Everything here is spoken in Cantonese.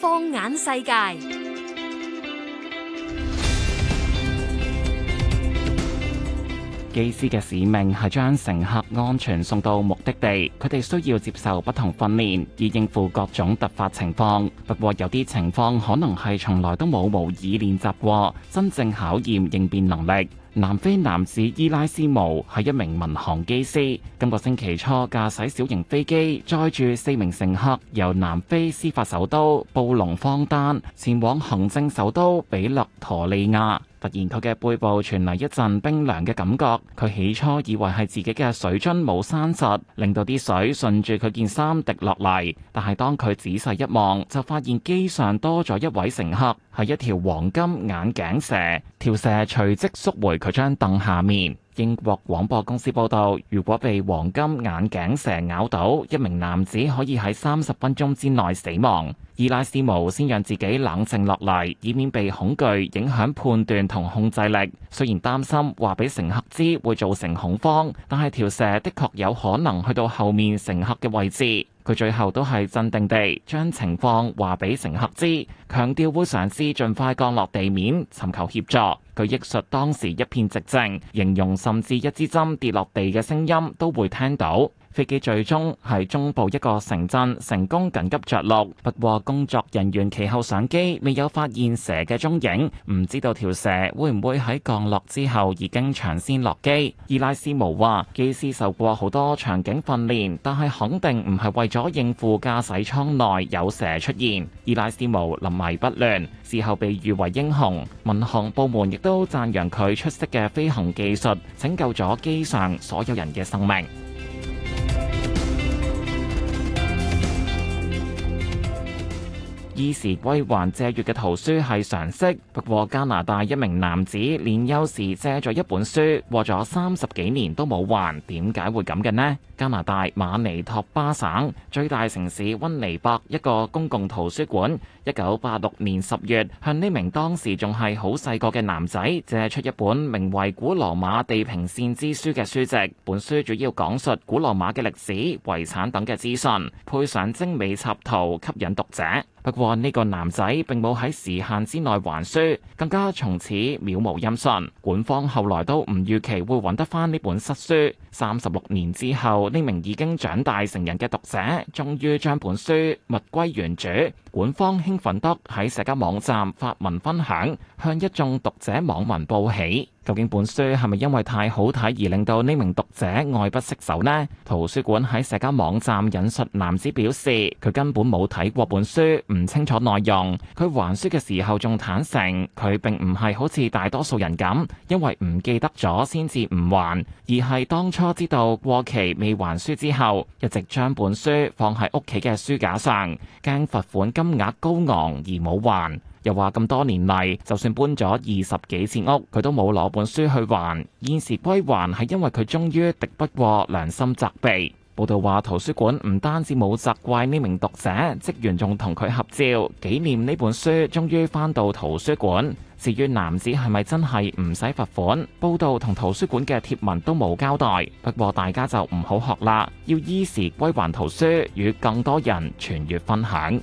放眼世界，機師嘅使命係將乘客安全送到目的地。佢哋需要接受不同訓練，以應付各種突發情況。不過，有啲情況可能係從來都冇模擬練習過，真正考驗應變能力。南非男子伊拉斯姆係一名民航機師，今個星期初駕駛小型飛機載住四名乘客由南非司法首都布隆方丹前往行政首都比勒陀利亞，突然佢嘅背部傳嚟一陣冰涼嘅感覺，佢起初以為係自己嘅水樽冇塞實，令到啲水順住佢件衫滴落嚟，但係當佢仔細一望，就發現機上多咗一位乘客係一條黃金眼鏡蛇，條蛇隨即縮回。佢張凳下面，英國廣播公司報道，如果被黃金眼鏡蛇咬到，一名男子可以喺三十分鐘之內死亡。伊拉斯姆先讓自己冷靜落嚟，以免被恐懼影響判斷同控制力。雖然擔心話俾乘客知會造成恐慌，但係條蛇的確有可能去到後面乘客嘅位置。佢最後都係鎮定地將情況話俾乘客知，強調會嘗試盡快降落地面，尋求協助。佢憶述當時一片寂靜，形容甚至一支針跌落地嘅聲音都會聽到。飛機最終係中部一個城鎮成功緊急着陸，不過工作人員其後上機未有發現蛇嘅蹤影，唔知道條蛇會唔會喺降落之後已經搶先落機。伊拉斯姆話，機師受過好多場景訓練，但係肯定唔係為咗應付駕駛艙內有蛇出現。伊拉斯姆臨危不亂，事後被譽為英雄。民航部門亦都讚揚佢出色嘅飛行技術，拯救咗機上所有人嘅生命。依時歸還借閱嘅圖書係常識，不過加拿大一名男子年幼時借咗一本書，過咗三十幾年都冇還，點解會咁嘅呢？加拿大馬尼托巴省最大城市溫尼伯一個公共圖書館，一九八六年十月向呢名當時仲係好細個嘅男仔借出一本名為《古羅馬地平線之書》嘅書籍。本書主要講述古羅馬嘅歷史、遺產等嘅資訊，配上精美插圖，吸引讀者。不過呢個男仔並冇喺時限之內還書，更加從此渺無音訊。館方後來都唔預期會揾得返呢本失書。三十六年之後，呢名已經長大成人嘅讀者，終於將本書物歸原主。館方興奮得喺社交網站發文分享，向一眾讀者網民報喜。究竟本書係咪因為太好睇而令到呢名讀者愛不釋手呢？圖書館喺社交網站引述男子表示，佢根本冇睇過本書，唔清楚內容。佢還書嘅時候仲坦誠，佢並唔係好似大多數人咁，因為唔記得咗先至唔還，而係當初知道過期未還書之後，一直將本書放喺屋企嘅書架上，驚罰款，金額高昂而冇還，又話咁多年嚟，就算搬咗二十幾次屋，佢都冇攞本書去還。現時歸還係因為佢終於敵不過良心責備。報道話，圖書館唔單止冇責怪呢名讀者，職員仲同佢合照，紀念呢本書終於翻到圖書館。至於男子係咪真係唔使罰款，報道同圖書館嘅貼文都冇交代。不過大家就唔好學啦，要依時歸還圖書，與更多人傳閱分享。